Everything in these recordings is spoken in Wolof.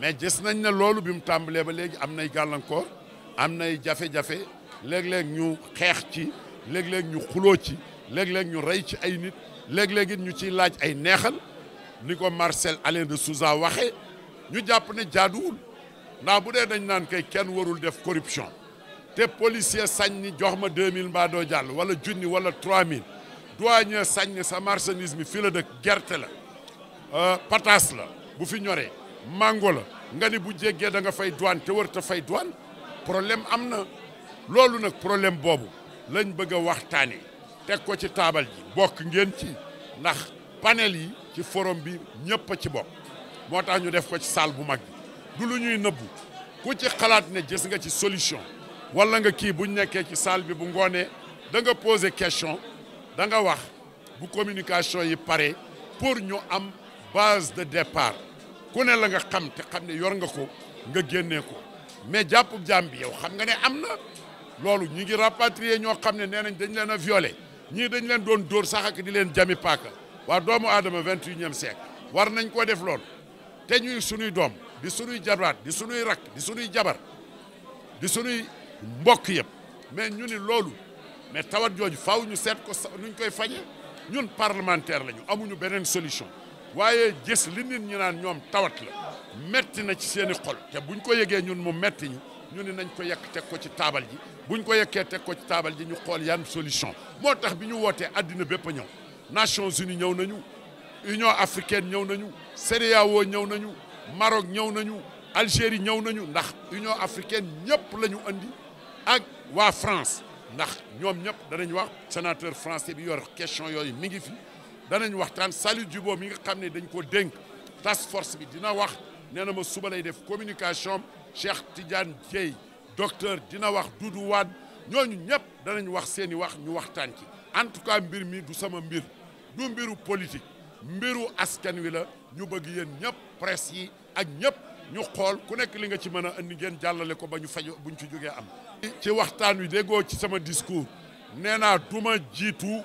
mais gis nañ ne loolu bi tambalé ba légui am nay gàllankoor am nay jafé jafe lég léeg ñu xeex ci lég lég ñu xulo ci lég lég ñu ray ci ay nit lég lég ñu ci laaj ay neexal niko Marcel Alain de Souza waxé ñu japp né jaaduwul na bu dé dañ naan kay kenn warul def corruption té policier sañ ni jox ma 2000 ba do jall wala junni wala 3000 douanier sañ sa marchandise mi fii la dëkk gerte la euh, pataas la bu fi ñoré mango la nga ni bu jéggee da nga fay douane te warut ta fay douane problème am na loolu nag problème boobu lañ bëgg a waxtaanee teg ko ci taabal ji bokk ngeen ci ndax panel yi ci forom bi ñëpp ci bokk moo tax ñu def ko ci salle bu mag bi du lu ñuy nëbbu ku ci xalaat ne gis nga ci solution wala nga kii buñ nekkee ci salle bi bu ngoonee da nga poser question da nga wax bu communication yi pare pour ñu am base de départ ku ne la nga xam te xam ne yor nga ko nga génnee ko mais jàppub jaam bi yow xam nga ne am na loolu ñu ngi rapatrier ñoo xam ne nee nañ dañ leen a violé ñii dañ leen doon dóor sax ak di leen jami paaka waa doomu aadama vingt et unième siècle war nañ koo def loolu te ñuy sunuy doom di sunuy jabraat di sunuy rak di sunuy jabar di sunuy mbokk yëpp mais ñu ni loolu mais tawat jooju faw ñu seet ko nuñ koy faje ñun parlementaire lañu amuñu beneen solution waaye gis li nit ñi naan ñoom tawat la metti na ci seen i xol te buñ ko yëgee ñun mu metti ñu ñu ne nañ ko yekk teg ko ci taabal ji buñ ko yekkee teg ko ci taabal ji ñu xool yan solution moo tax bi ñu wootee àddina bépp a ñëw Nations Unies ñëw nañu Union africaine ñëw nañu CEDEAO ñëw nañu Maroc ñëw nañu Algérie ñëw nañu ndax Union africaine ñëpp la ñu andi ak waa France ndax ñoom ñëpp danañ wax sénateur français bi yor question yooyu mi ngi fi danañ waxtaan Saliou Djibo mi nga xam ne dañ ko dénk task force bi dina wax nee na ma suba lay def communication Cheikh Tidiane Dieye docteur dina wax Doudou Wade ñooñu ñëpp danañ wax seen i wax ñu waxtaan ci en tout cas mbir mi du sama mbir du mbiru politique mbiru askan wi la ñu bëgg yéen ñëpp presse yi ak ñëpp ñu xool ku nekk li nga ci mën a indi ngeen jàllale ko ba ñu faj buñ ci jógee am. ci waxtaan wi déggoo ci sama discours nee naa duma jiitu.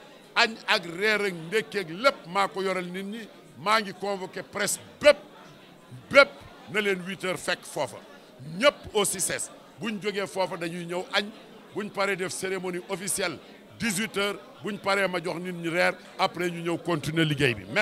an ak rer ak ndek ak lepp mako yoral nit ñi convoquer presse bepp bepp na 8h fek fofa ñepp au CICES buñ joggé fofa dañuy ñew agn buñ paré def cérémonie officielle 18h buñ paré ma jox nit ñi après ñu ñew continuer liguey bi même